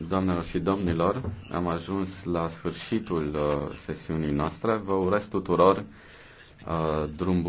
Doamnelor și domnilor, am ajuns la sfârșitul uh, sesiunii noastre. Vă urez tuturor uh, drum bun.